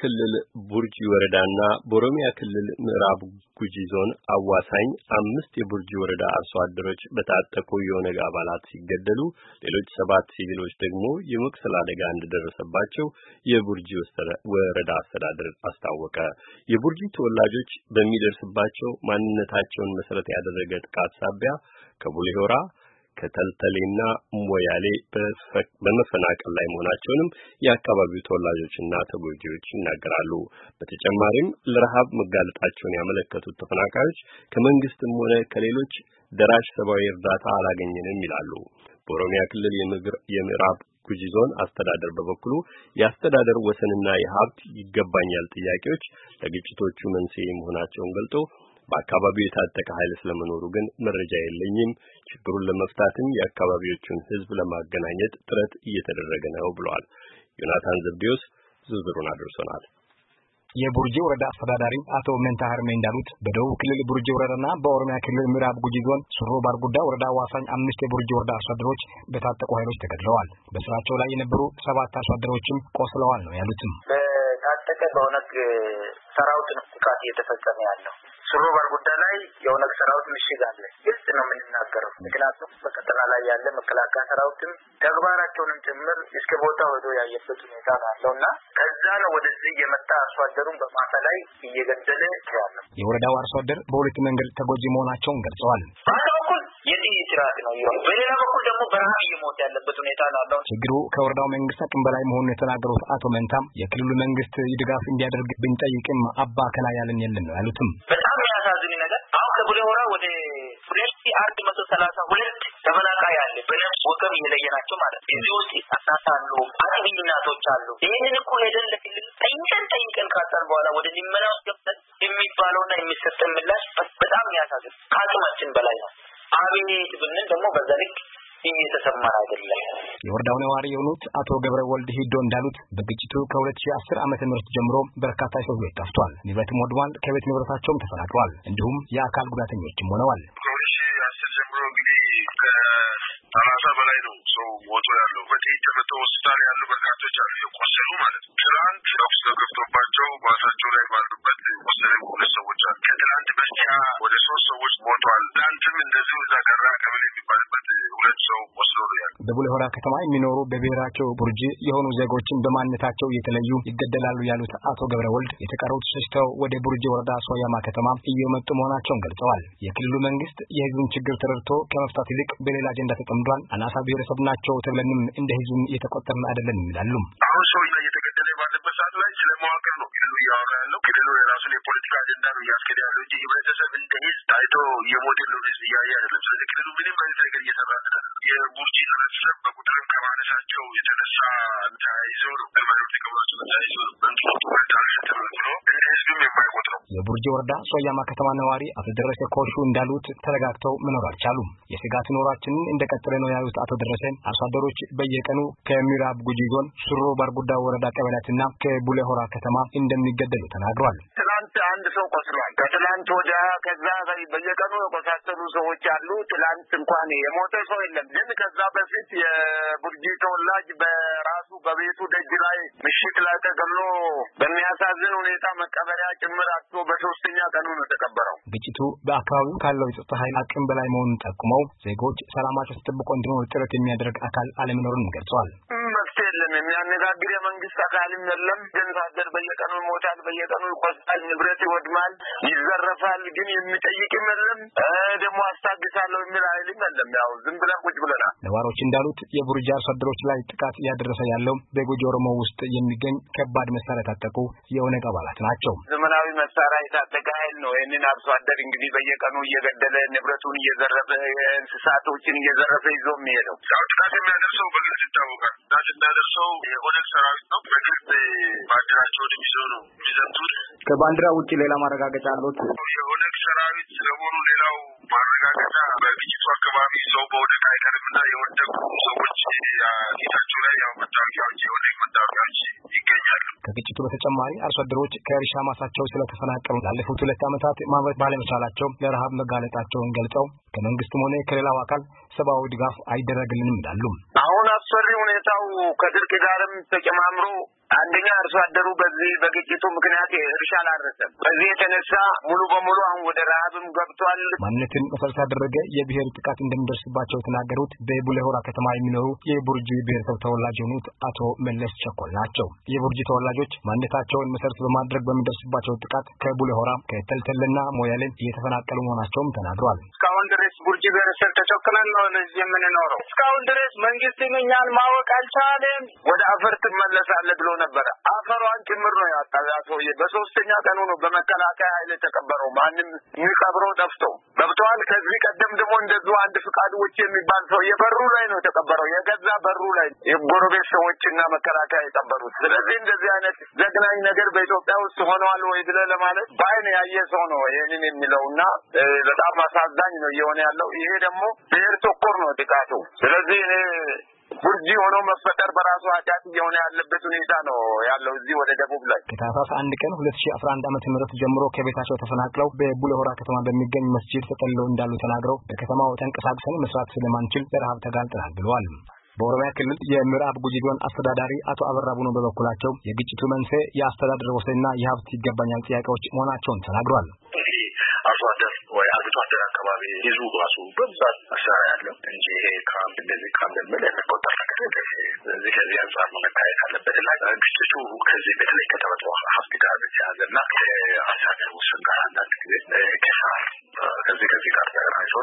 ክልል ቡርጂ ወረዳና በኦሮሚያ ክልል ምዕራብ ጉጂ ዞን አዋሳኝ አምስት የቡርጂ ወረዳ አርሶ አደሮች በታጠቁ የኦነግ አባላት ሲገደሉ ሌሎች ሰባት ሲቪሎች ደግሞ የመቁሰል አደጋ እንደደረሰባቸው የቡርጂ ወረዳ አስተዳደር አስታወቀ። የቡርጂ ተወላጆች በሚደርስባቸው ማንነታቸውን መሰረት ያደረገ ጥቃት ሳቢያ ከቡሌሆራ ከተልተሌና ሞያሌ በመፈናቀል ላይ መሆናቸውንም የአካባቢው ተወላጆችና ተጎጂዎች ይናገራሉ። በተጨማሪም ለረሃብ መጋለጣቸውን ያመለከቱት ተፈናቃዮች ከመንግስትም ሆነ ከሌሎች ደራሽ ሰብአዊ እርዳታ አላገኘንም ይላሉ። በኦሮሚያ ክልል የምዕራብ ጉጂ ዞን አስተዳደር በበኩሉ የአስተዳደር ወሰንና የሀብት ይገባኛል ጥያቄዎች ለግጭቶቹ መንስኤ መሆናቸውን ገልጦ በአካባቢው የታጠቀ ኃይል ስለመኖሩ ግን መረጃ የለኝም። ችግሩን ለመፍታትም የአካባቢዎቹን ሕዝብ ለማገናኘት ጥረት እየተደረገ ነው ብለዋል። ዮናታን ዘብዴዎስ ዝርዝሩን አድርሶናል። የቡርጂ ወረዳ አስተዳዳሪ አቶ መንታ ሀርሜ እንዳሉት በደቡብ ክልል ቡርጂ ወረዳና በኦሮሚያ ክልል ምዕራብ ጉጂ ዞን ሱሮ ባርጉዳ ወረዳ ዋሳኝ አምስት የቡርጂ ወረዳ አስተዳደሮች በታጠቁ ኃይሎች ተገድለዋል። በስራቸው ላይ የነበሩ ሰባት አስተዳደሮችም ቆስለዋል ነው ያሉትም። በታጠቀ በኦነግ ሰራዊት ነው ጥቃት እየተፈጸመ ያለው። ሱሩበር ጉዳይ ላይ የኦነግ ሰራዊት ምሽግ አለ። ግልጽ ነው የምንናገረው። ምክንያቱም በቀጠና ላይ ያለ መከላከያ ሰራዊትም ተግባራቸውንም ጭምር እስከ ቦታው ሄዶ ያየበት ሁኔታ ነው ያለው እና ከዛ ነው ወደዚህ የመጣ አርሶ አደሩን በማሳ ላይ እየገደለ ያለው። የወረዳው አርሶ አደር በሁለት መንገድ ተጎጂ መሆናቸውን ገልጸዋል። ይህ ስርዓት ነው የሚሆነው። በሌላ በኩል ደግሞ በረሀብ እየሞተ ያለበት ሁኔታ ነው ያለው። ችግሩ ከወረዳው መንግስት አቅም በላይ መሆኑን የተናገሩት አቶ መንታም የክልሉ መንግስት ድጋፍ እንዲያደርግ ብንጠይቅም አባ ከላይ ያለን የለም ነው ያሉትም። በጣም የሚያሳዝን ነገር አሁን ከቡሌ ሆራ ወደ ሁለት ሺ አንድ መቶ ሰላሳ ሁለት ተፈናቃይ አለ በነፍስ ወከፍ እየለየናቸው ማለት ነው። እዚህ ውስጥ ህጻናት አሉ፣ አጥቢ እናቶች አሉ። ይህንን እኮ ሄደን ለክልል ጠይቀን ጠይቀን ካጠር በኋላ ወደ ሊመናው ውስጥ ገብተን የሚባለውና የሚሰጠን ምላሽ በጣም ያሳዝን ከአቅማችን በላይ ነው። አብኔት ብንል ደግሞ በዛ ልክ እየተሰማን አይደለም። የወረዳው ነዋሪ የሆኑት አቶ ገብረ ወልድ ሂዶ እንዳሉት በግጭቱ ከ2010 ዓመተ ምህረት ጀምሮ በርካታ የሰው ቤት ጠፍቷል፣ ንብረትም ወድሟል፣ ከቤት ንብረታቸውም ተፈናቅሏል፣ እንዲሁም የአካል ጉዳተኞችም ሆነዋል። ከሁለት በላይ ነው ሰው ሞቶ ያለው በጤ ተመቶ ሆስፒታል ያሉ በርካቶች አሉ፣ የቆሰሉ ማለት ነው። ትናንት ተኩስ ተገብቶባቸው በቡሌሆራ ከተማ የሚኖሩ በብሔራቸው ቡርጂ የሆኑ ዜጎችን በማንነታቸው እየተለዩ ይገደላሉ ያሉት አቶ ገብረ ወልድ የተቀሩት ሸሽተው ወደ ቡርጂ ወረዳ ሶያማ ከተማ እየመጡ መሆናቸውን ገልጸዋል። የክልሉ መንግስት የህዝቡን ችግር ተረድቶ ከመፍታት ይልቅ በሌላ አጀንዳ ተጠምዷል። አናሳ ብሔረሰብ ናቸው ተብለንም እንደ ህዝብም እየተቆጠርን አይደለን ይላሉ። እያወራ ያለው ክልሉ የራሱን የፖለቲካ አጀንዳ ነው እያስኬደ ያለው እንጂ ህብረተሰብ እንደ ህዝብ ታይቶ የሞዴል ነው ህዝብ እያየ አይደለም። ስለዚህ ክልሉ ምንም አይነት ነገር እየሰራ የቡርጂ ህብረተሰብ በቁጥርም ከማነሳቸው የተነሳ ተያይዞ ነው በመሪዎች ከማሱ ተያይዞ ነው መንግስት ትኩረት ተመልክሎ ህዝብም የማይቆጥረው የቡርጂ ወረዳ ሶያማ ከተማ ነዋሪ አቶ ደረሰ ኮሹ እንዳሉት ተረጋግተው መኖር አልቻሉም። የስጋት ኖራችንን እንደቀጠለ ነው ያሉት አቶ ደረሰ አርሶ አደሮች በየቀኑ ከምዕራብ ጉጂ ዞን ሱሮ ባርጉዳ ወረዳ ቀበሌያትና ከቡሌሆራ ከተማ እንደሚ እንደሚገደሉ ተናግሯል። ትላንት አንድ ሰው ቆስሏል። ከትላንት ወዲያ ከዛ በየቀኑ የቆሳሰሉ ሰዎች አሉ። ትናንት እንኳን የሞተ ሰው የለም። ግን ከዛ በፊት የቡርጂ ተወላጅ በራሱ በቤቱ ደጅ ላይ ምሽት ላይ ተገሎ በሚያሳዝን ሁኔታ መቀበሪያ ጭምር አቶ በሶስተኛ ቀኑ ነው የተቀበረው። ግጭቱ በአካባቢው ካለው የጸጥታ ኃይል አቅም በላይ መሆኑን ጠቁመው ዜጎች ሰላማቸው ተጠብቆ እንዲኖር ጥረት የሚያደርግ አካል አለመኖሩን ገልጸዋል። የለም። የሚያነጋግር የመንግስት አካልም የለም። ገንዛደር በየቀኑ ይሞታል፣ በየቀኑ ይቆስጣል፣ ንብረት ይወድማል፣ ይዘረፋል። ግን የሚጠይቅም የለም። ደግሞ አስታግሳለሁ የሚል ኃይልም የለም። ያው ዝም ብለን ቁጭ ብለናል። ነዋሪዎች እንዳሉት የቡርጃ አርሶ አደሮች ላይ ጥቃት እያደረሰ ያለው በጎጂ ኦሮሞ ውስጥ የሚገኝ ከባድ መሳሪያ የታጠቁ የኦነግ አባላት ናቸው። ዘመናዊ መሳሪያ የታጠቀ ኃይል ነው። ይህንን አርሶ አደር እንግዲህ በየቀኑ እየገደለ ንብረቱን እየዘረፈ እንስሳቶችን እየዘረፈ ይዞ የሚሄደው ጥቃት የሚያደርሰው በግልጽ ይታወቃል። ጥቃት እንዳደርሰው የሚዘምተው የኦነግ ሰራዊት ነው። በግልጽ ባንዲራቸውን ይዞ ነው የሚዘቱት። ከባንዲራ ውጭ ሌላ ማረጋገጫ አሉት። የኦነግ ሰራዊት ለመሆኑ ሌላው ማረጋገጫ በግጭቱ አካባቢ ሰው በኦነግ አይቀርም አይቀርምና የወደቁ ሰዎች ፊታቸው ላይ ያው መታወቂያዎች የኦነግ መታወቂያዎች ይገኛሉ። ከግጭቱ በተጨማሪ አርሶ አደሮች ከእርሻ ማሳቸው ስለተፈናቀሉ ላለፉት ሁለት ዓመታት ማምረት ባለመቻላቸው ለረሃብ መጋለጣቸውን ገልጸው ከመንግስትም ሆነ ከሌላው አካል ሰብአዊ ድጋፍ አይደረግልንም ይላሉ። አስፈሪ ሁኔታው ከድርቅ ጋርም ተጨማምሮ አንደኛ አርሶ አደሩ በዚህ በግጭቱ ምክንያት እርሻ አላረሰም። በዚህ የተነሳ ሙሉ በሙሉ አሁን ወደ ረሀብም ገብቷል። ማንነትን መሰረት ያደረገ የብሔር ጥቃት እንደሚደርስባቸው የተናገሩት በቡሌሆራ ከተማ የሚኖሩ የቡርጂ ብሔረሰብ ተወላጅ የሆኑት አቶ መለስ ቸኮል ናቸው። የቡርጂ ተወላጆች ማንነታቸውን መሰረት በማድረግ በሚደርስባቸው ጥቃት ከቡሌሆራ ከተልተልና ሞያሌን እየተፈናቀሉ መሆናቸውም ተናግሯል። እስካሁን ድረስ ቡርጂ ብሔረሰብ ተቸክለን ነው እዚህ የምንኖረው። እስካሁን ድረስ መንግስት እኛን ማወቅ አልቻለም፣ ወደ አፈር ትመለሳለህ ብሎ ነበረ። አፈሯን ጭምር ነው ያጣው ያ ሰውዬ። በሶስተኛ ቀኑ ነው በመከላከያ ኃይል የተቀበረው። ማንም የሚቀብረው ጠፍቶ ገብተዋል። ከዚህ ቀደም ደግሞ እንደዙ አንድ ፍቃድ ውጭ የሚባል ሰው በሩ ላይ ነው የተቀበረው። የገዛ በሩ ላይ የጎረቤት ሰዎችና መከላከያ የቀበሩት። ስለዚህ እንደዚህ አይነት ዘግናኝ ነገር በኢትዮጵያ ውስጥ ሆነዋል ወይ ብለህ ለማለት በአይን ያየ ሰው ነው ይህንን የሚለውና በጣም አሳዛኝ ነው እየሆነ ያለው። ይሄ ደግሞ ብሔር ተኮር ነው ጥቃቱ። ስለዚህ እኔ ጉርጂ ሆኖ መፈጠር በራሱ ኃጢአት እየሆነ ያለበት ሁኔታ ነው ያለው እዚህ ወደ ደቡብ ላይ ከታህሳስ አንድ ቀን ሁለት ሺ አስራ አንድ ዓመተ ምህረት ጀምሮ ከቤታቸው ተፈናቅለው በቡለሆራ ከተማ በሚገኝ መስጂድ ተጠልለው እንዳሉ ተናግረው በከተማው ተንቀሳቅሰን መስራት ስለማንችል ለረሀብ ተጋልጠናል ብለዋል። በኦሮሚያ ክልል የምዕራብ ጉጂ ዞን አስተዳዳሪ አቶ አበራ ቡኖ በበኩላቸው የግጭቱ መንስኤ የአስተዳደር ወሰንና የሀብት ይገባኛል ጥያቄዎች መሆናቸውን ተናግሯል። አርሶ አደር ወይ አርብቶ አደር አካባቢ ህዝቡ ራሱ በብዛት መሳሪያ ያለው እንጂ ይሄ ካምፕ እንደዚህ ካምፕ የምልህ ማስቆጠር ስለዚህ ከዚህ አንጻር ነው መታየት አለበት ግጭቱ ከዚህ በተለይ ከተፈጥሮ ሀብት ጋር እና ውስን ጋር አንዳንድ ጊዜ ከሳር ከዚህ ከዚህ ጋር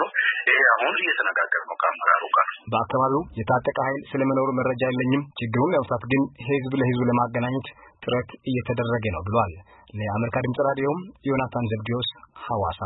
ነው። ይሄ አሁን እየተነጋገር ነው ከአመራሩ ጋር። በአካባቢው የታጠቀ ኃይል ስለመኖሩ መረጃ የለኝም። ችግሩን ለመፍታት ግን ህዝብ ለህዝብ ለማገናኘት ጥረት እየተደረገ ነው ብሏል። ለአሜሪካ ድምጽ ራዲዮም ዮናታን ዘብዲዮስ ሐዋሳ